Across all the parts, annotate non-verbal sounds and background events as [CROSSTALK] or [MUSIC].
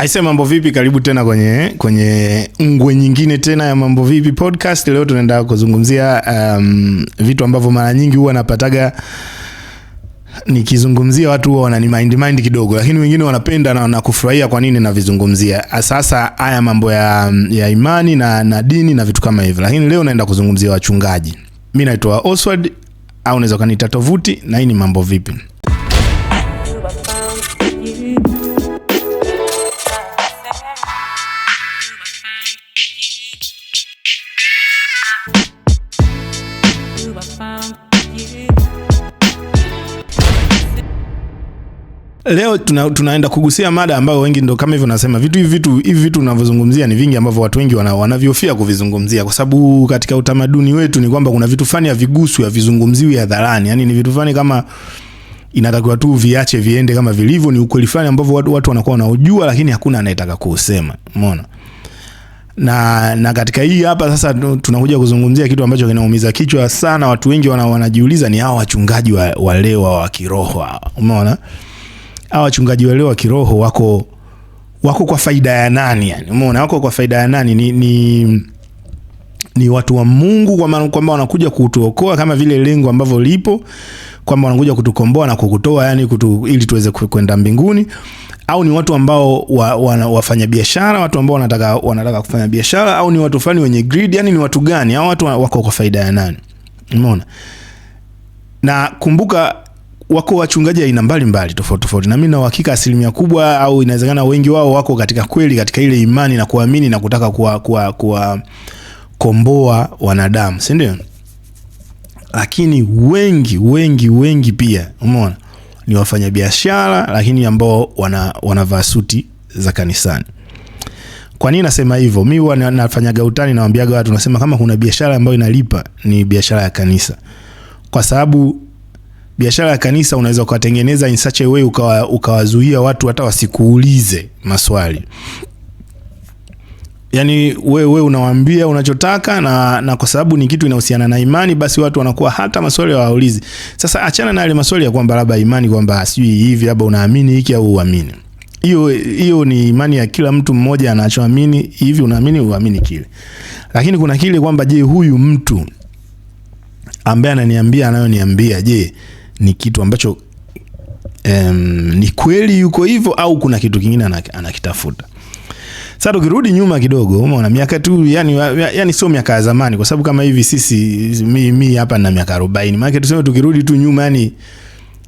Aise, mambo vipi? Karibu tena kwenye kwenye ngwe nyingine tena ya mambo vipi podcast. Leo tunaenda kuzungumzia um, vitu ambavyo mara nyingi huwa napataga nikizungumzia watu huwa wanani mind mind kidogo, lakini wengine wanapenda na wanakufurahia kwa nini navizungumzia. Sasa haya mambo ya, ya imani na, na dini na vitu kama hivyo, lakini leo naenda kuzungumzia wachungaji. Mi naitwa Oswald au unaweza ukaniita Tovuti, na hii ni mambo vipi. leo tuna, tunaenda kugusia mada ambayo wengi ndo kama hivyo nasema vitu hivi vitu hivi vitu tunavyozungumzia ni vingi ambavyo watu wengi wana, wanavyofia kuvizungumzia kwa sababu katika utamaduni wetu ni kwamba kuna vitu fulani haviguswi havizungumziwi hadharani. yani ni vitu fani kama inatakiwa tu viache viende kama vilivyo, ni ukweli fulani ambavyo watu, watu wanakuwa wanaujua lakini hakuna anayetaka kuusema. Umeona? Na, na katika hii hapa sasa tunakuja kuzungumzia kitu ambacho kinaumiza kichwa sana. Watu wengi wanajiuliza ni hao wachungaji wa, wa leo wa kiroho. Umeona? hawa wachungaji walio wa kiroho wako wako kwa faida ya nani? Yani umeona, wako kwa faida ya nani? Ni, ni, ni watu wa Mungu kwa maana kwamba wanakuja kutuokoa kama vile lengo ambavyo lipo kwamba wanakuja kutukomboa na kukutoa yani kutu, ili tuweze kwenda mbinguni, au ni watu ambao wa, wa, wa, wafanya biashara, watu ambao wanataka, wanataka kufanya biashara, au ni watu fulani wenye greed? Yani ni watu gani au Watu wako kwa faida ya nani? Umeona, na kumbuka wako wachungaji aina mbalimbali tofauti tofauti, na mimi na uhakika asilimia kubwa au inawezekana wengi wao wako katika kweli katika ile imani na kuamini na kutaka kuwa, kuwa, kuwa komboa wanadamu, si ndio? Lakini wengi wengi wengi pia umeona ni wafanyabiashara, lakini ambao wana, wanavaa suti za kanisani. Kwa nini nasema hivyo? Mimi huwa nafanyaga utani, nawaambiaga watu, nasema kama kuna biashara ambayo inalipa ni biashara ya kanisa, kwa sababu biashara ya kanisa unaweza ukatengeneza in such a way ukawa, ukawazuia watu hata wasikuulize maswali. Yani wewe we unawaambia unachotaka na, na kwa sababu ni kitu inahusiana na imani, basi watu wanakuwa hata maswali hawaulizi. Sasa achana na yale maswali ya kwamba labda imani kwamba sijui hivi labda unaamini hiki au uamini hiyo hiyo ni imani ya kila mtu mmoja, anachoamini hivi, unaamini uamini kile. Lakini kuna kile kwamba, je, huyu mtu ambaye ananiambia anayoniambia, je ni kitu ambacho um, ni kweli yuko hivyo au kuna kitu kingine anakitafuta. Sasa tukirudi nyuma kidogo, umeona miaka tu yani, yani sio miaka ya zamani, kwa sababu kama hivi sisi mi, mi hapa na miaka 40 maana tuseme tukirudi tu nyuma yani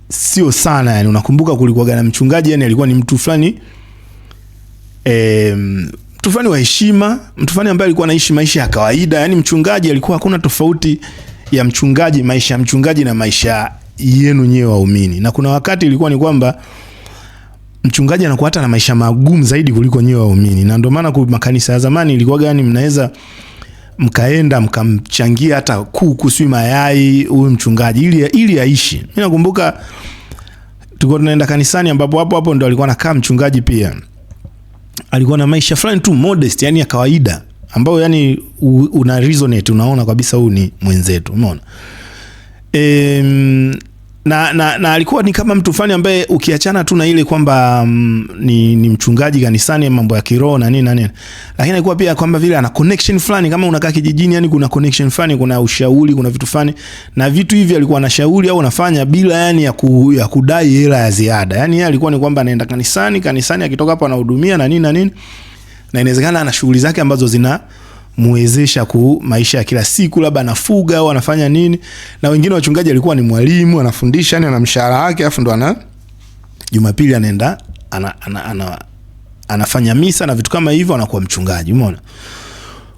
sio sana yani, unakumbuka kulikuwa gana mchungaji yani alikuwa ni mtu fulani em, mtu fulani wa heshima, mtu fulani ambaye alikuwa anaishi maisha ya kawaida yani. Mchungaji alikuwa hakuna tofauti ya mchungaji, maisha ya mchungaji na maisha yenu nyewe waumini, na kuna wakati ilikuwa ni kwamba mchungaji anakuwa hata na maisha magumu zaidi kuliko nyewe waumini, na ndio maana makanisa ya zamani ilikuwa gani, mnaweza mkaenda mkamchangia hata kuku, sio mayai, huyu mchungaji ili ili aishi. Mimi nakumbuka tulikuwa tunaenda kanisani, ambapo hapo hapo ndo alikuwa anakaa mchungaji pia, alikuwa na maisha fulani tu modest, yani ya kawaida ambayo yani una resonate, unaona kabisa huyu ni mwenzetu, umeona. Um, na, na, na alikuwa ni kama mtu fulani ambaye ukiachana tu na ile kwamba mm, ni, ni mchungaji kanisani mambo ya kiroho na nini na nini, lakini alikuwa pia kwamba vile ana connection fulani, kama unakaa kijijini, yani kuna connection fulani, kuna ushauri, kuna vitu fulani, na vitu hivi alikuwa anashauri au anafanya bila yani ya, ku, ya kudai hela ya ziada. Yani yeye alikuwa ni kwamba anaenda kanisani, kanisani akitoka hapo anahudumia na nini na nini, na inawezekana ana shughuli zake ambazo zina kumwezesha ku maisha ya kila siku, labda anafuga au anafanya nini. Na wengine wachungaji alikuwa ni mwalimu anafundisha, yani ana mshahara wake, afu ndo ana Jumapili anaenda ana, ana, ana, anafanya misa na vitu kama hivyo, anakuwa mchungaji. Umeona,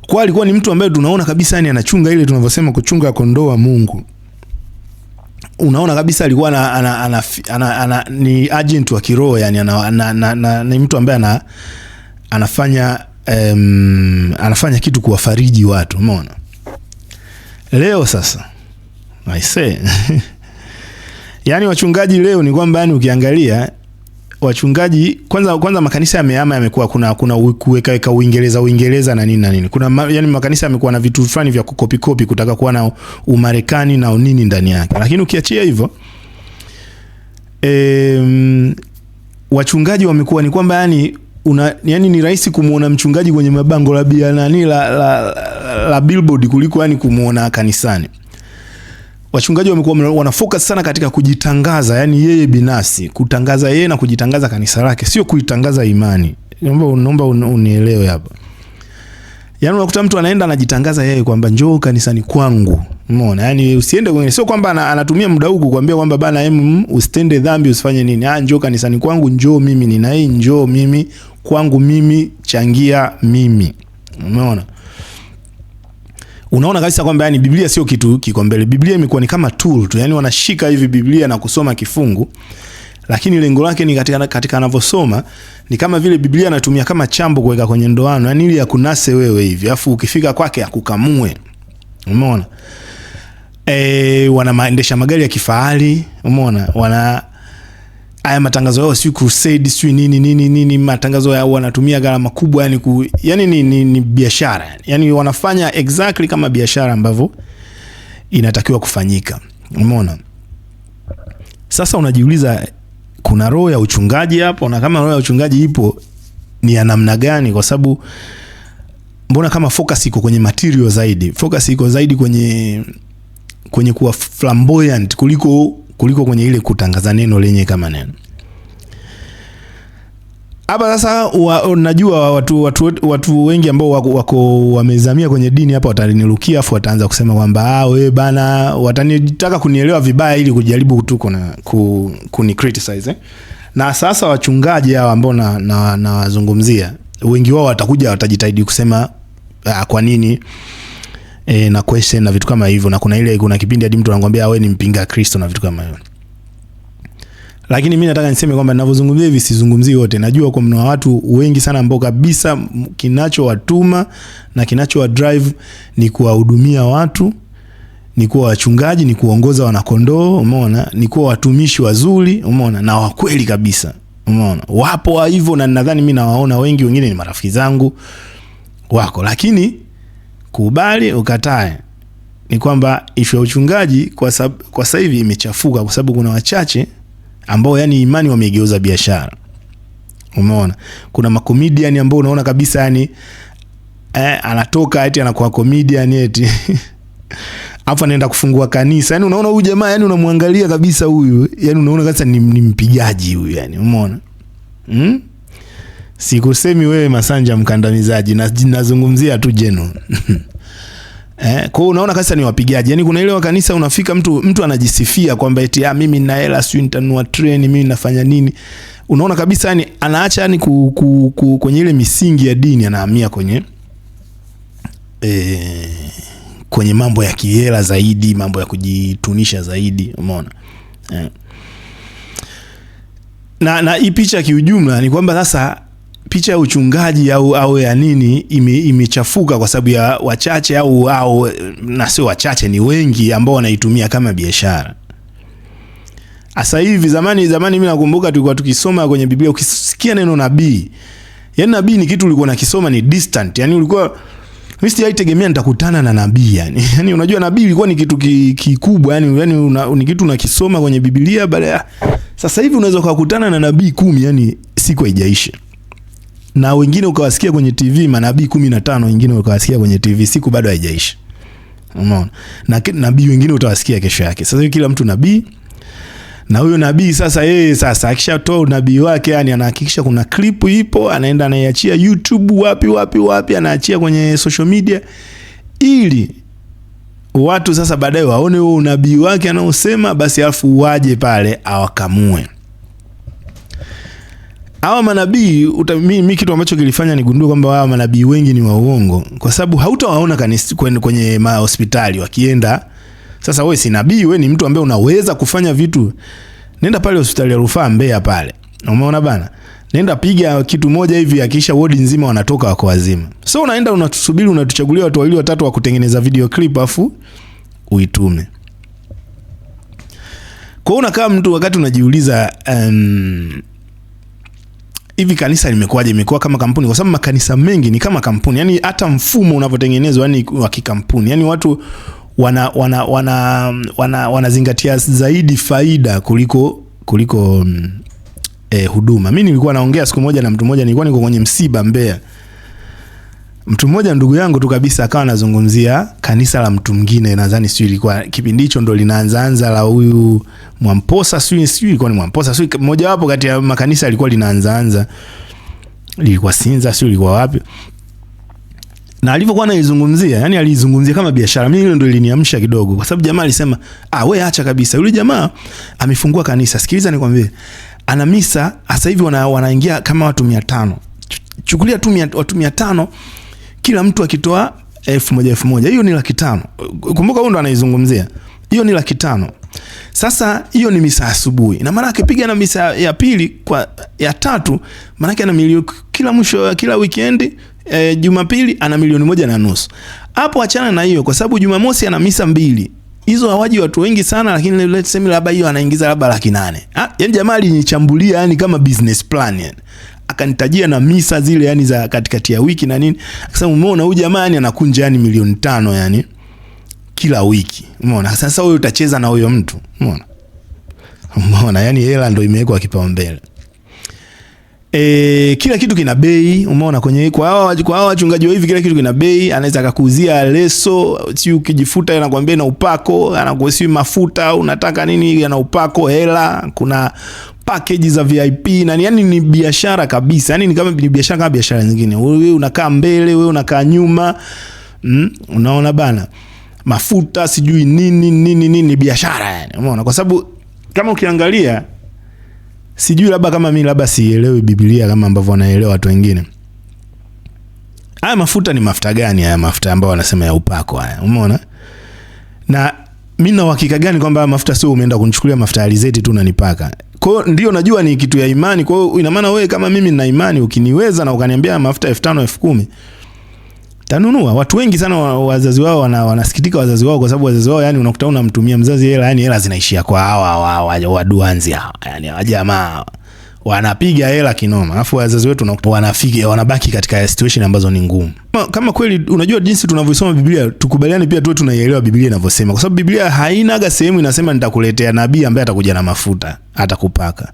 kwa alikuwa ni mtu ambaye tunaona kabisa yani anachunga ile tunavyosema kuchunga kondoo wa Mungu. Unaona kabisa alikuwa ana, ana, ana, ana, ana, ni agent wa kiroho yani ana, ana, ana, ana, ni mtu ambaye ana, anafanya um, anafanya kitu kuwafariji watu, umeona. Leo sasa I say [LAUGHS] yani wachungaji leo ni kwamba yani ukiangalia wachungaji kwanza kwanza makanisa yameama, yamekuwa kuna kuna kuweka Uingereza Uingereza na nini na nini. Kuna ma, yani makanisa yamekuwa na vitu fulani vya kukopi kopi kutaka kuwa na Umarekani na nini ndani yake. Lakini ukiachia hivyo e, wachungaji wamekuwa ni kwamba yani una yani, ni rahisi kumuona mchungaji kwenye mabango la bia nani la, la, la, la billboard kuliko yani kumuona kanisani. Wachungaji wamekuwa wanafocus sana katika kujitangaza, yani yeye binafsi kutangaza yeye na kujitangaza kanisa lake, sio kuitangaza imani. Naomba naomba unielewe hapa. Yaani unakuta mtu anaenda anajitangaza yeye kwamba njoo kanisani kwangu. Umeona? Yaani usiende kwenye sio kwamba anatumia muda huu kukuambia kwamba bana em mm, usitende dhambi usifanye nini. Ah, njoo kanisani kwangu, njoo mimi nina hii, njoo mimi kwangu mimi, changia mimi. Umeona? Unaona kabisa kwamba yani Biblia sio kitu kiko mbele. Biblia imekuwa ni kama tool tu. Yaani wanashika hivi Biblia na kusoma kifungu lakini lengo lake ni katika, katika anavyosoma ni kama vile Biblia anatumia kama chambo kuweka kwenye ndoano, yani ili akunase wewe hivi, afu ukifika kwake akukamue. Umeona e, wana maendesha magari ya kifahari umeona, wana haya matangazo yao, si crusade si nini nini nini, matangazo yao wanatumia gharama kubwa, yani ku, yani ni, ni, ni biashara, yani wanafanya exactly kama biashara ambavyo inatakiwa kufanyika. Umeona, sasa unajiuliza kuna roho ya uchungaji hapo, na kama roho ya uchungaji ipo ni ya namna gani? Kwa sababu mbona kama focus iko kwenye material zaidi, focus iko zaidi kwenye kwenye kuwa flamboyant kuliko kuliko kwenye ile kutangaza neno lenye kama neno hapa sasa wa, unajua watu, watu, watu wengi ambao wako, wamezamia kwenye dini hapa watanirukia, afu wataanza kusema kwamba ah, wewe bana, watanitaka kunielewa vibaya ili kujaribu tu kuna ku, kuni criticize eh? Na sasa wachungaji hao ambao na nawazungumzia na wengi wao watakuja watajitahidi kusema ah, kwa nini e, na question na vitu kama hivyo, na kuna ile kuna kipindi hadi mtu anakuambia ah, wewe ni mpinga Kristo na vitu kama hivyo lakini mi nataka niseme kwamba ninavyozungumzia hivi sizungumzii wote. Najua kwa mna watu wengi sana ambao kabisa kinachowatuma na kinachowa drive ni kuwahudumia watu, ni kuwa wachungaji, ni kuongoza wanakondoo, umeona, ni kuwa watumishi wazuri, umeona, na wakweli kabisa, umeona. Wapo hivyo na nadhani mi nawaona wengi, wengine ni marafiki zangu wako, lakini kubali ukatae ni kwamba ishu ya uchungaji kwa sasa hivi imechafuka kwa sababu kuna wachache ambao yani imani wamegeuza biashara. Umeona, kuna makomedian ambao unaona kabisa yani eh, anatoka eti anakuwa comedian eti [LAUGHS] afu anaenda kufungua kanisa. Yani unaona huyu jamaa, yani unamwangalia kabisa huyu, yani unaona kabisa ni, ni mpigaji huyu yani, umeona hmm? Sikusemi wewe Masanja mkandamizaji, nazungumzia tu jeno [LAUGHS] Eh, kwa unaona kanisa ni wapigaji. Yaani kuna ile kanisa unafika mtu mtu anajisifia kwamba eti ah, mimi nina hela, si nitanua train, mimi nafanya nini. Unaona kabisa yani anaacha yani ku, ku, ku, kwenye ile misingi ya dini anahamia kwenye eh, kwenye mambo ya kihela zaidi, mambo ya kujitunisha zaidi, umeona? Eh. Na na hii picha kiujumla ni kwamba sasa picha ya uchungaji au au ya nini imechafuka ime kwa sababu ya wachache au au na sio wachache, ni wengi ambao wanaitumia kama biashara. Asa hivi zamani zamani, mimi nakumbuka tulikuwa tukisoma kwenye Biblia, ukisikia neno nabii, yani nabii ni kitu ulikuwa nakisoma ni distant, yani ulikuwa mimi sijaitegemea nitakutana na nabii yani. [LAUGHS] Yani unajua nabii ilikuwa ni kitu kikubwa ki yani, yani una, ni kitu unakisoma kwenye Biblia, baada ya sasa hivi unaweza kukutana na nabii kumi yani siku haijaisha na wengine ukawasikia kwenye TV manabii kumi na tano, wengine ukawasikia kwenye TV, siku bado haijaisha. Unaona, na nabii wengine utawasikia kesho yake. Sasa kila mtu nabii, na huyo nabii sasa yeye sasa akishatoa unabii wake, yani anahakikisha kuna clip ipo, anaenda anaiachia YouTube, wapi wapi wapi, anaachia kwenye social media ili watu sasa baadaye waone huo unabii wake anaosema, basi alafu waje pale awakamue hawa manabii mi kitu ambacho kilifanya nigundue kwamba hawa manabii wengi ni wauongo kwa sababu hautawaona kwenye, mahospitali wakienda. Sasa we si nabii, we ni mtu ambaye unaweza kufanya vitu. Nenda pale hospitali ya Rufaa mbea pale, umeona bana, nenda piga kitu moja hivi, akisha wodi nzima wanatoka wako wazima. So unaenda unatusubiri, unatuchagulia watu wawili watatu wa kutengeneza video clip afu uitume kwa unakaa mtu wakati unajiuliza um, hivi kanisa limekuwaje? Imekuwa kama kampuni, kwa sababu makanisa mengi ni kama kampuni, yani hata mfumo unavyotengenezwa yani wa kikampuni, yani watu wana wana, wana, wana, wana zaidi faida kuliko, kuliko mm, eh, huduma. Mi nilikuwa naongea siku moja na mtu mmoja, nilikuwa niko kwenye msiba Mbeya mtu mmoja ndugu yangu tu kabisa akawa anazungumzia kanisa la mtu mwingine, nadhani sijui ilikuwa kipindi hicho ndo linaanzaanza la huyu Mwamposa, sijui sijui ilikuwa ni Mwamposa, sijui mojawapo kati ya makanisa alikuwa linaanzaanza, lilikuwa Sinza, sijui ilikuwa wapi. Na alivyokuwa anaizungumzia, yani alizungumzia kama biashara. Mimi hilo ndo liliniamsha kidogo, kwa sababu jamaa alisema, ah, we acha kabisa, yule jamaa amefungua kanisa. Sikiliza nikwambie, ana misa sasa hivi wana, wanaingia kama watu 500 chukulia tu watu 500 kila mtu akitoa elfu moja elfu moja hiyo ni laki tano. Kumbuka huyu ndo anaizungumzia hiyo ni laki tano. Sasa hiyo ni misa asubuhi, na maana akipiga na misa ya pili kwa ya tatu, maana ana milioni kila mwisho, kila weekend e, Jumapili ana milioni moja na nusu. Hapo achana na hiyo, kwa sababu Jumamosi ana misa mbili hizo hawaji watu wengi sana, lakini let's say labda hiyo anaingiza labda laki nane. Ah, yani jamaa alinichambulia yani kama business plan yani akanitajia na misa zile yani za katikati ya wiki na nini, akasema umeona huyu jamani anakunja yani milioni tano yani kila wiki, umeona. Sasa wewe utacheza na huyo mtu, umeona, umeona, yani hela ndio imewekwa kipaumbele. E, kila kitu kina bei, umeona kwenye kwa hawa kwa hawa wachungaji wa hivi, kila kitu kina bei. Anaweza akakuuzia leso, si ukijifuta, anakuambia na upako, anakuusia mafuta, unataka nini, ana upako, hela. Kuna package za VIP na yani, ni biashara kabisa, yani ni kama ni biashara kama biashara nyingine. Wewe unakaa mbele, wewe unakaa nyuma mm, unaona bana, mafuta sijui nini nini nini, biashara yani, umeona. Kwa sababu kama ukiangalia, sijui labda kama mimi labda sielewi Biblia kama ambavyo wanaelewa watu wengine. Haya mafuta ni mafuta gani haya mafuta ambayo wanasema ya upako haya, umeona na mimi na uhakika gani kwamba mafuta sio umeenda kunichukulia mafuta alizeti tu unanipaka? Kwa hiyo ndio najua ni kitu ya imani. Kwa hiyo ina maana wewe kama mimi nina imani, ukiniweza na ukaniambia mafuta elfu tano elfu kumi tanunua. Watu wengi sana wazazi wao wana, wanasikitika wazazi wao kwa sababu wazazi wao yani unakuta unamtumia mzazi hela yani hela zinaishia kwa hawa hawa waduanzi hawa yani wajamaa wanapiga hela kinoma, alafu wazazi wetu wanafiga, wanabaki katika situation ambazo ni ngumu. Kama, kama kweli unajua jinsi tunavyosoma Biblia, tukubaliane pia tuwe tunaielewa Biblia inavyosema, kwa sababu Biblia hainaga sehemu inasema nitakuletea nabii ambaye atakuja na mafuta atakupaka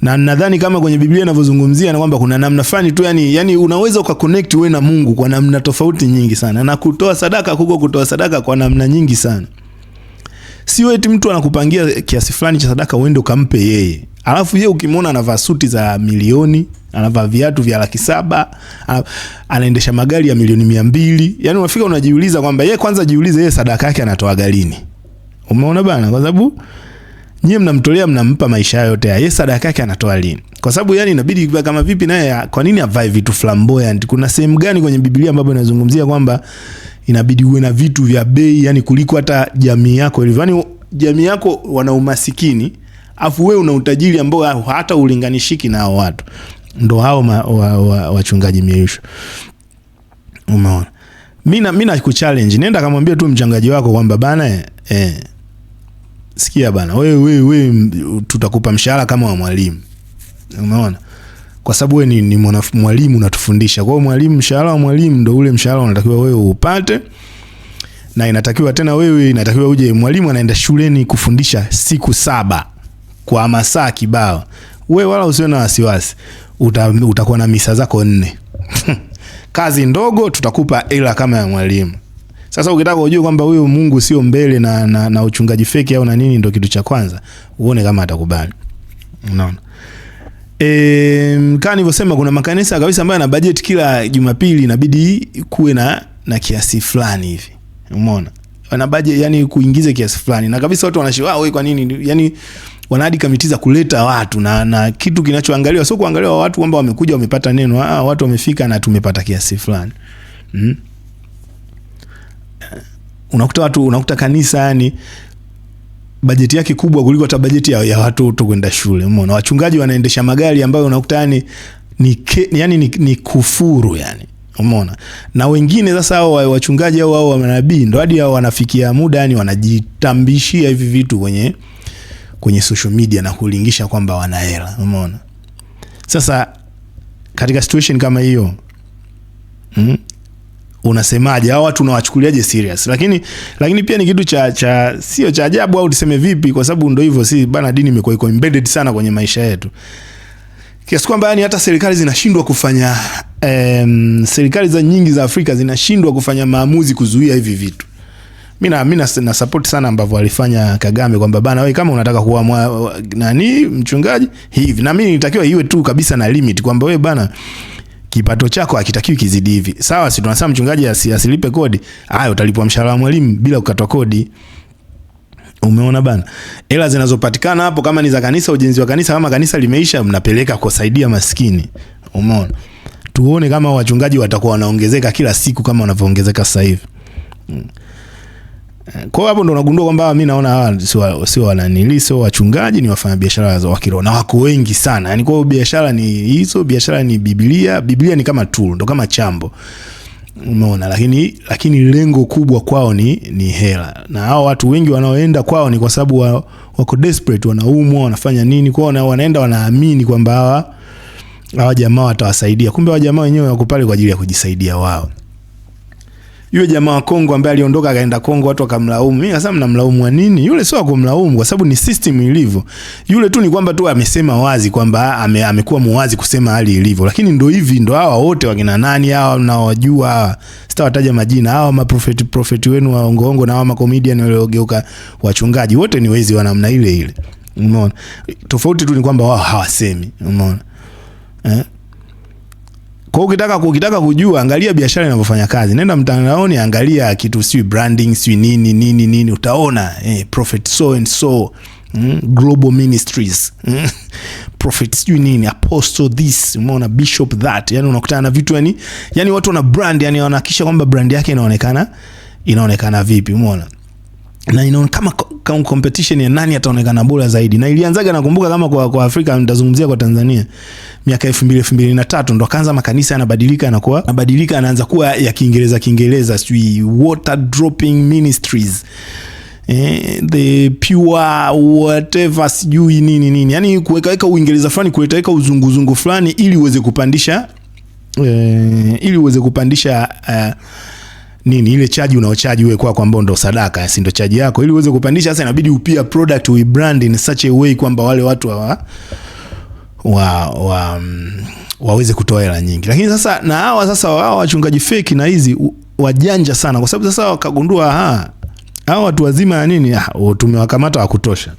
na nadhani kama kwenye Biblia inavyozungumzia na kwamba kuna namna fulani tu yani, yani unaweza ukaconnect wewe na Mungu kwa namna tofauti nyingi sana, na kutoa sadaka kuko kutoa sadaka kwa namna nyingi sana. Sio eti mtu anakupangia kiasi fulani cha sadaka uende ukampe yeye, Alafu ye ukimwona anavaa suti za milioni, anavaa viatu vya laki saba, anaendesha magari ya milioni mia mbili. yani unafika unajiuliza kwamba ye kwanza jiulize ye sadaka yake anatoa galini. Umeona bana, kwa sababu nyie mnamtolea mnampa maisha yote, ya yeye sadaka yake anatoa lini? Kwa sababu yani inabidi kama vipi naye, kwa nini avae vitu flamboyant? Kuna sehemu gani kwenye Biblia ambapo inazungumzia kwamba inabidi uwe na vitu vya bei yani kuliko hata jamii yako ilivyo? Yani jamii yako wana umasikini afu wewe una utajiri ambao hata ulinganishiki na hao watu. Ndo hao wachungaji wa, wa wa miisho. Umeona, mimi na mimi nakuchallenge, nenda kamwambia tu mchungaji wako kwamba bana eh, eh sikia bana, wewe wewe wewe, tutakupa mshahara kama wa mwalimu. Umeona, kwa sababu wewe ni, ni mwana mwalimu unatufundisha. Kwa hiyo mwalimu, mshahara wa mwalimu ndo ule mshahara unatakiwa wewe upate na inatakiwa tena wewe, inatakiwa uje. Mwalimu anaenda shuleni kufundisha siku saba kwa masaa kibao. We wala usiwe na wasiwasi, utakuwa na misa zako nne [LAUGHS] kazi ndogo, tutakupa ela kama ya mwalimu. Sasa ukitaka ujue kwamba huyu Mungu sio mbele na, na, na uchungaji feki au na nini, ndo kitu cha kwanza uone kama atakubali. Unaona e, kama nilivyosema, kuna makanisa kabisa ambayo yana bajeti kila Jumapili inabidi kuwe na na kiasi fulani hivi, umeona wana bajeti yani kuingiza kiasi fulani na kabisa watu wanashiwa, ah, wewe kwa nini yani wanadi kamiti za kuleta watu na, na kitu kinachoangaliwa sio kuangaliwa watu kwamba wamekuja wamepata neno. Ah, ah, watu wamefika na tumepata kiasi fulani mm. Unakuta watu unakuta kanisa yani bajeti yake kubwa kuliko hata bajeti ya, ya watoto kwenda shule. Umeona wachungaji wanaendesha magari ambayo unakuta yani ni, ke, yani ni, ni kufuru yani Umeona, na wengine sasa hao wachungaji au hao manabii ndo hadi hao wanafikia muda yani wanajitambishia hivi vitu kwenye kwenye social media na kulingisha kwamba wana hela, umeona? Sasa katika situation kama hiyo mm, unasemaje? Hao watu unawachukuliaje serious? Lakini lakini pia ni kitu cha cha sio cha ajabu au tuseme vipi, kwa sababu ndio hivyo, si bana, dini imekuwa iko embedded sana kwenye maisha yetu kiasi kwamba yani hata serikali zinashindwa kufanya um, serikali za nyingi za Afrika zinashindwa kufanya maamuzi kuzuia hivi vitu mimi mimi na support sana ambavyo alifanya Kagame kwamba bana wewe kama unataka kuwa mwa, nani mchungaji hivi, na mimi nitakiwa iwe tu kabisa na limit kwamba wewe bana kipato chako hakitakiwi kizidi hivi. Sawa, si tunasema mchungaji asilipe kodi? Haya, utalipwa mshahara wa mwalimu bila kukatwa kodi. Umeona bana, hela zinazopatikana hapo, kama ni za kanisa, ujenzi wa kanisa, kama kanisa limeisha, mnapeleka kusaidia maskini. Umeona, tuone kama wachungaji watakuwa wanaongezeka kila siku kama wanavyoongezeka sasa hivi. Hmm. Kwa hiyo hapo ndo nagundua kwamba mimi naona hawa sio sio wananili sio wachungaji, ni wafanya biashara wa kiroho na wako wengi sana. Yaani kwa biashara ni hizo, biashara ni Biblia, Biblia ni kama tool, ndo kama chambo. Umeona, lakini lakini lengo kubwa kwao ni ni hela. Na hao watu wengi wanaoenda kwao ni kwa sababu wa, wako desperate, wanaumwa, wanafanya nini kwao, na wanaenda wanaamini kwamba hawa hawa jamaa watawasaidia, kumbe hawa jamaa wenyewe wako pale kwa ajili ya kujisaidia wao yule jamaa wa Kongo ambaye aliondoka akaenda Kongo, watu wakamlaumu. Mimi nasema mnamlaumu wa nini? Yule sio kumlaumu, kwa sababu ni system ilivyo. Yule tu ni kwamba tu amesema wazi kwamba ame, amekuwa muwazi kusema hali ilivyo, lakini ndo hivi, ndo hawa wote wakina nani hawa mnaowajua hawa, sitawataja majina, hawa maprofeti profeti wenu wa ongoongo na hawa makomedian waliogeuka wachungaji, wote ni wezi wa namna ile ile, umeona. Tofauti tu ni kwamba wao hawasemi, umeona eh? Kwa hiyo ukitaka ukitaka kujua, angalia biashara inavyofanya kazi, nenda mtandaoni, angalia kitu si branding si nini nini nini, utaona eh, prophet so and so mm, global ministries mm, [LAUGHS] prophet sijui nini apostle this, umeona bishop that, yani unakutana na vitu yani, yani watu wana brand yani wanahakisha kwamba brand yake inaonekana inaonekana vipi, umeona na ino, kama kama competition ya nani ataonekana bora zaidi, na ilianzaga nakumbuka kama kwa, kwa Afrika nitazungumzia kwa Tanzania miaka 2000 2003, ndo kaanza makanisa yanabadilika, yanakuwa yanabadilika, yanaanza kuwa ya Kiingereza Kiingereza, sijui water dropping ministries eh, the pure whatever sijui nini nini, yani kuwekaweka Uingereza fulani kuletaweka uzunguzungu fulani ili uweze kupandisha eh, ili uweze kupandisha eh, nini ile chaji unaochaji wewe kwako, ambao ndo sadaka, si ndo chaji yako, ili uweze kupandisha. Sasa inabidi upia product we brand in such a way kwamba wale watu hawa wa, wa, waweze kutoa hela nyingi. Lakini sasa na hawa sasa hawa wachungaji feki na hizi wajanja sana, kwa sababu sasa wakagundua ha hawa watu wazima ya nini, ah, tumewakamata wa kutosha,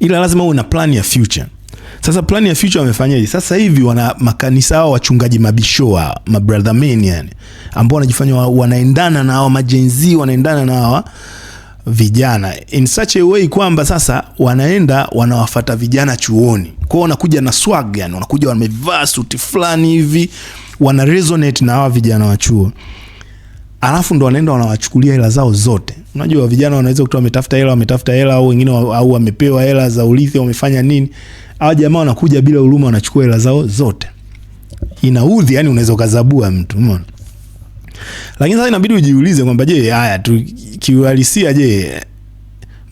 ila lazima uwe na plan ya future. Sasa plani ya Future wamefanyaje? Sasa hivi wana makanisa hao wachungaji mabishoa, mabrother men yani, ambao wanajifanya wanaendana na hawa majenzi, wanaendana na hawa vijana in such a way kwamba sasa wanaenda wanawafata vijana chuoni kwao, wanakuja na swag yani, wanakuja wamevaa suti fulani hivi, wana resonate na hawa vijana wa chuo, alafu ndo wanaenda wanawachukulia hela zao zote. Unajua vijana wanaweza kutoa, wametafuta hela, wametafuta hela, au wengine au wamepewa hela za urithi, wamefanya nini hawa jamaa wanakuja bila huruma, wanachukua hela zao zote. Inaudhi, yani unaweza ukazabua mtu, umeona. Lakini sasa inabidi ujiulize kwamba je, haya tu kiuhalisia, je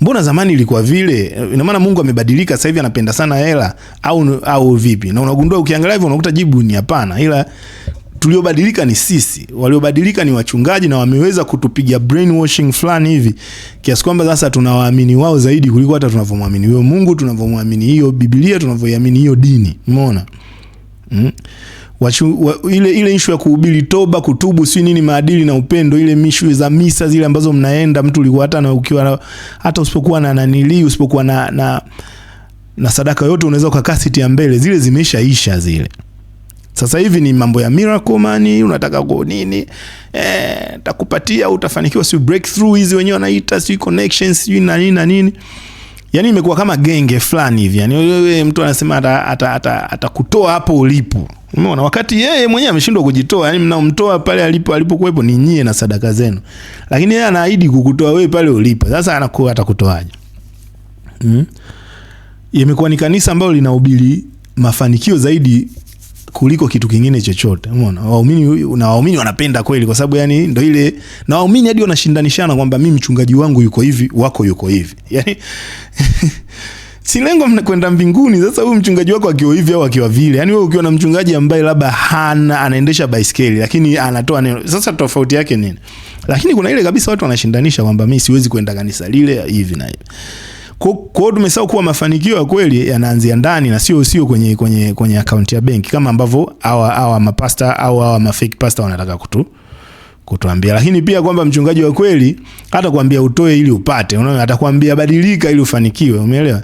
mbona zamani ilikuwa vile? Ina maana Mungu amebadilika, sasa hivi anapenda sana hela au, au vipi? Na unagundua ukiangalia hivyo unakuta jibu ni hapana, ila tuliobadilika ni sisi, waliobadilika ni wachungaji, na wameweza kutupiga brainwashing fulani hivi kiasi kwamba sasa tunawaamini wao zaidi kuliko hata tunavyomwamini huyo Mungu, tunavyomwamini hiyo Biblia, tunavyoiamini hiyo dini. Umeona mm? Wachu, wa, ile, ile ishu ya kuhubiri toba, kutubu, si nini, maadili na upendo, ile mishu za misa zile ambazo mnaenda mtu ulikuwa hata na ukiwa hata usipokuwa na nanili usipokuwa na, na, na sadaka yote unaweza ukakaa siti ya mbele, zile zimeishaisha zile sasa hivi ni mambo ya miracle man, unataka ku nini? Eh, takupatia utafanikiwa, si breakthrough hizi wenyewe wanaita, si connections, si na nini na nini. yani imekuwa kama genge fulani hivi. yani wewe mtu anasema atakutoa ata ata, ata hapo ulipo. Umeona, wakati yeye mwenyewe ameshindwa kujitoa, yani mnamtoa pale alipo alipokuwepo ni nyie na sadaka zenu. Lakini yeye anaahidi kukutoa wewe pale ulipo. Sasa anakuwa atakutoaje? Mm. Imekuwa ni kanisa ambalo linahubiri mafanikio zaidi kuliko kitu kingine chochote. Umeona, waumini na waumini wanapenda kweli, kwa sababu yani ndo ile, na waumini hadi wanashindanishana kwamba mimi mchungaji wangu yuko hivi, wako yuko hivi, [LAUGHS] yani si lengo mnakwenda mbinguni. Sasa huyu mchungaji wako akiwa hivi au akiwa vile, yani wewe ukiwa na mchungaji ambaye labda hana anaendesha baiskeli lakini anatoa neno, sasa tofauti yake nini? Lakini kuna ile kabisa watu wanashindanisha kwamba mimi siwezi kwenda kanisa lile hivi na hivi. Kwa hiyo tumesahau kuwa mafanikio ya kweli yanaanzia ndani na sio sio kwenye kwenye kwenye akaunti ya benki kama ambavyo hawa hawa mapasta au hawa mafake pasta wanataka kutu kutuambia. Lakini pia kwamba mchungaji wa kweli hata kuambia utoe ili upate, unaona, atakwambia badilika ili ufanikiwe, umeelewa?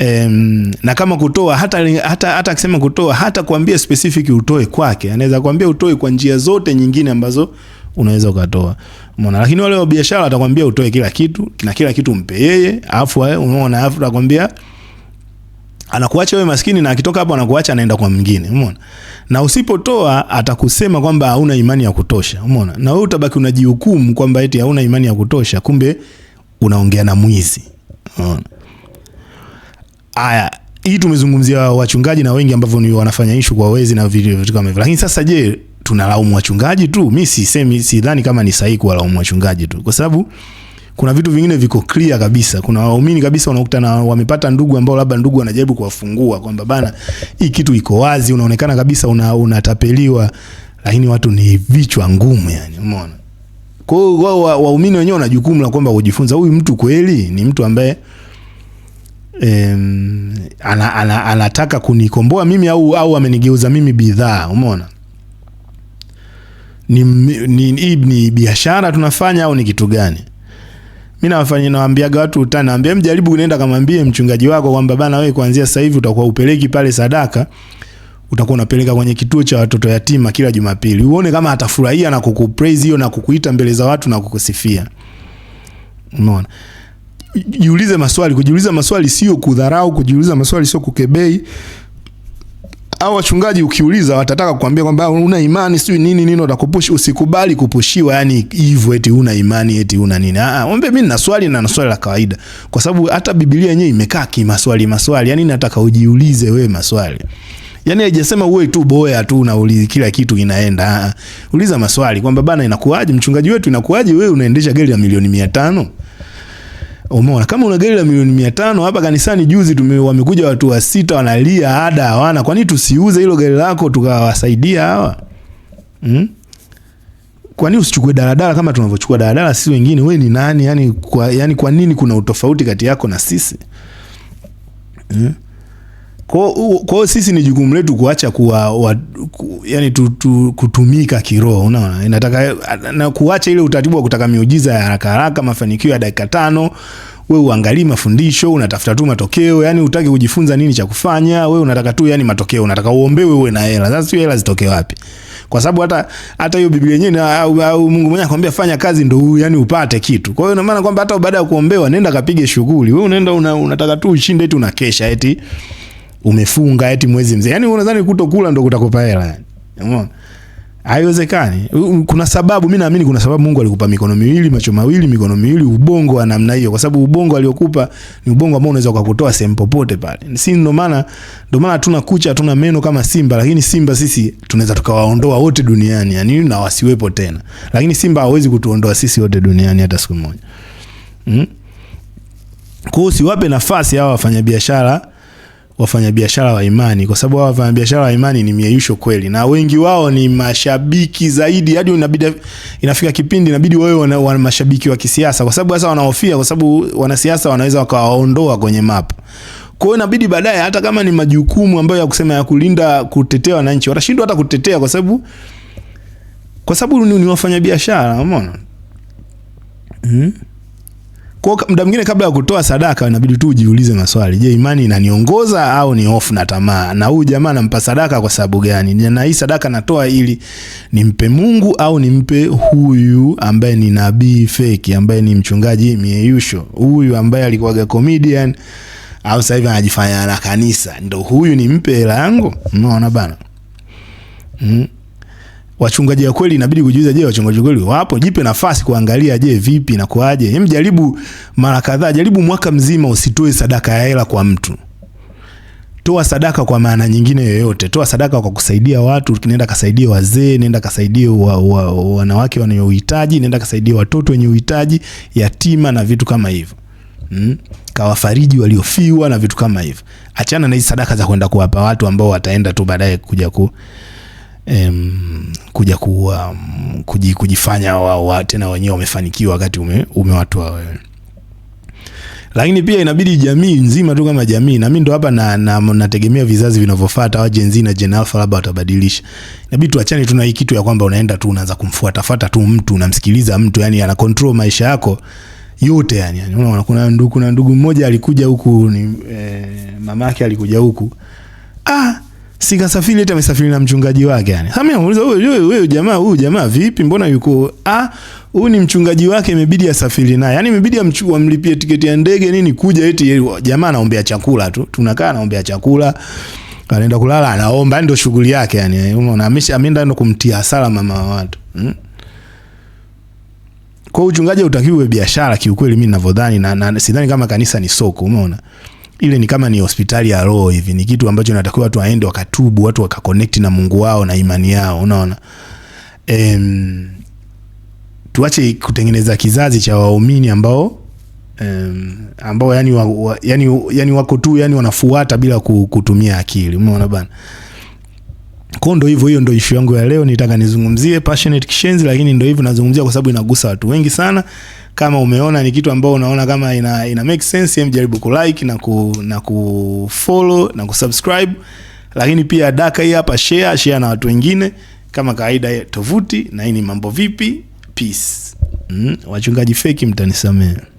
Um, na kama kutoa hata hata hata akisema kutoa hata kuambia specific utoe kwake, anaweza kuambia utoe kwa njia zote nyingine ambazo unaweza ukatoa. Umeona, lakini wale wa biashara atakwambia utoe kila kitu na kila kitu mpe yeye, afu wewe unaona, afu atakwambia anakuacha wewe maskini, na akitoka hapo anakuacha anaenda kwa mwingine. Umeona, na usipotoa atakusema kwamba hauna imani ya kutosha. Umeona, na wewe utabaki unajihukumu kwamba eti hauna imani ya kutosha, kumbe unaongea na mwizi. Umeona, haya, hii tumezungumzia wachungaji na wengi ambavyo ni wanafanya issue kwa wezi na vitu kama hivyo, lakini sasa je tunalaumu wachungaji tu. Mi sisemi, sidhani kama ni sahihi kuwalaumu wachungaji tu, kwa sababu kuna vitu vingine viko clear kabisa. Kuna waumini kabisa unakuta na wamepata ndugu ambao labda ndugu anajaribu kuwafungua kwamba bana, hii kitu iko wazi, unaonekana kabisa una, unatapeliwa, lakini watu ni vichwa ngumu, yani umeona. Kwa hiyo wa, waumini wenyewe wana jukumu la kwamba kujifunza, huyu mtu kweli ni mtu ambaye em, ana, ana, anataka kunikomboa mimi au, au amenigeuza mimi bidhaa, umeona ni, ni, ni, ni biashara tunafanya au ni kitu gani? Mi nawafanyia nawambiaga watu utani, nawambia mjaribu, unaenda kamwambie mchungaji wako kwamba bana, wewe kuanzia sasa hivi utakuwa upeleki pale sadaka, utakuwa unapeleka kwenye kituo cha watoto yatima kila Jumapili, uone kama atafurahia na kukupraise hiyo na kukuita mbele za watu na kukusifia. Unaona, jiulize maswali. Kujiuliza maswali sio kudharau, kujiuliza maswali sio kukebei au wachungaji ukiuliza watataka kukwambia kwamba una imani sijui nini nini, watakupush. Usikubali kupushiwa, yani hivyo eti una imani eti una nini. Ah, ah mwambie mimi nina swali na swali la kawaida, kwa sababu hata Biblia yenyewe imekaa kimaswali maswali, yani nataka ujiulize wewe maswali Yaani haijasema uwe tu boya tu unauliza kila kitu inaenda. Ha. Ah, ah. Uliza maswali kwamba bana, inakuaje mchungaji wetu, inakuaje wewe unaendesha gari ya milioni mia tano? Umeona, kama una gari la milioni mia tano hapa kanisani juzi tume, wamekuja watu wa sita wanalia ada hawana. Kwa nini tusiuze hilo gari lako tukawasaidia hawa hmm? Kwa nini usichukue daladala kama tunavyochukua daladala sisi wengine? we ni nani? Yani kwa, yani kwa nini kuna utofauti kati yako na sisi hmm? Kwa hiyo sisi ni jukumu letu kuacha kuwa wa, ku, yani tu, tu, kutumika kiroho, unaona inataka na kuacha ile utaratibu wa kutaka miujiza ya haraka haraka, mafanikio ya dakika tano. We uangalii mafundisho, unatafuta tu matokeo, yani utaki kujifunza nini cha kufanya. We unataka tu yani matokeo, unataka uombewe uwe na hela. Sasa hiyo hela zitoke wapi? Kwa sababu hata hata hiyo Biblia yenyewe au, au Mungu mwenyewe akwambia fanya kazi ndio yani upate kitu. Kwa hiyo ina maana kwamba hata baada ya kuombewa nenda kapige shughuli. We unaenda una, unataka tu ushinde eti unakesha eti umefunga eti mwezi mzee. yani unadhani kutokula ndo kutakupa hela yani. Umeona? Haiwezekani. Kuna sababu, mimi naamini kuna sababu Mungu alikupa mikono miwili, macho mawili, mikono miwili, ubongo wa namna hiyo, kwa sababu ubongo aliokupa ni ubongo ambao unaweza ukakutoa sehemu popote pale. Si ndio maana, ndio maana hatuna kucha, hatuna meno kama simba, lakini simba sisi tunaweza tukawaondoa wote duniani, yani na wasiwepo tena. Lakini simba hawezi kutuondoa sisi wote duniani hata siku moja. Mm? Kwa hiyo usiwape nafasi hawa wafanyabiashara wafanyabiashara wa imani, kwa sababu hao wafanyabiashara wa imani ni mieyusho kweli, na wengi wao ni mashabiki zaidi, hadi inabidi inafika kipindi inabidi wao wana wana mashabiki wa kisiasa, kwa sababu sasa wanahofia, kwa sababu wanasiasa wanaweza wakawaondoa kwenye map. Kwa hiyo inabidi baadaye, hata kama ni majukumu ambayo ya kusema ya kulinda, kutetea wananchi, watashindwa hata kutetea, kwa sababu kwa sababu ni, ni wafanyabiashara, umeona mm. Kwa muda mwingine kabla ya kutoa sadaka inabidi tu ujiulize maswali. Je, imani inaniongoza au ni hofu na tamaa? Na huyu jamaa nampa sadaka kwa sababu gani? Na hii sadaka natoa ili nimpe Mungu au nimpe huyu ambaye ni nabii feki ambaye ni mchungaji Mieyusho? Huyu ambaye alikuwaga comedian au sasa hivi anajifanya na kanisa. Ndio huyu nimpe hela yangu? Unaona bana? Mm wachungaji wa kweli inabidi kujiuliza, je, wachungaji kweli wapo? Jipe nafasi kuangalia, je, vipi na kuaje? Hem, jaribu mara kadhaa, jaribu mwaka mzima usitoe sadaka ya hela kwa mtu. Toa sadaka kwa maana nyingine yoyote. Toa sadaka kwa kusaidia watu, nenda kasaidie wazee, nenda kasaidie wa, wa, wanawake wenye nenda kasaidie watoto wenye uhitaji, yatima na vitu kama hivyo. Mm. Kawafariji waliofiwa na vitu kama hivyo. Achana na hizi sadaka za kwenda kuwapa watu ambao wataenda tu baadaye kuja ku em, kuja kuwa kuji, kujifanya wa, wa, tena wenyewe wamefanikiwa wakati umewatoa ume, wewe lakini pia inabidi jamii nzima tu kama jamii, na mimi ndo hapa na, na, nategemea vizazi vinavyofuata au Gen Z na Gen Alpha labda watabadilisha. Inabidi tuachane tu na hii kitu ya kwamba unaenda tu unaanza kumfuata fuata tu mtu, unamsikiliza mtu, yani ana control maisha yako yote yani. Yaani unaona kuna ndugu, kuna ndugu mmoja alikuja huku ni eh, mamake alikuja huku ah sikasafiri eti amesafiri na mchungaji wake yani. Sasa mimi namuuliza wewe wewe jamaa huyu jamaa vipi mbona yuko ah huyu ni mchungaji wake imebidi asafiri naye. Yaani imebidi amlipie tiketi ya ndege nini kuja eti jamaa anaombea chakula tu. Tunakaa anaombea chakula. Anaenda kulala anaomba ndio shughuli yake yani. Unaona ameenda ndo kumtia hasara mama wa watu. Hmm? Kwa uchungaji hautakiwi biashara kiukweli mimi ninavyodhani na, na sidhani kama kanisa ni soko umeona ile ni kama ni hospitali ya roho hivi, ni kitu ambacho natakiwa watu waende wakatubu, watu wakaconnect na Mungu wao na imani yao, unaona em, tuache kutengeneza kizazi cha waumini ambao em, ambao yani, wa, wa, yani, yani wako tu yani wanafuata bila kutumia akili, umeona bana. Kwa ndo hivyo, hiyo ndo ishu yangu ya leo, nitaka nizungumzie passionate kishenzi, lakini ndo hivyo nazungumzia kwa sababu inagusa watu wengi sana. Kama umeona ni kitu ambao unaona kama ina, ina make sense, hem jaribu kulike na ku na kufollow na kusubscribe, lakini pia daka hii hapa share share na watu wengine kama kawaida. Tovuti na hii ni Mambo Vipi. Peace. Mm, wachungaji feki mtanisamea.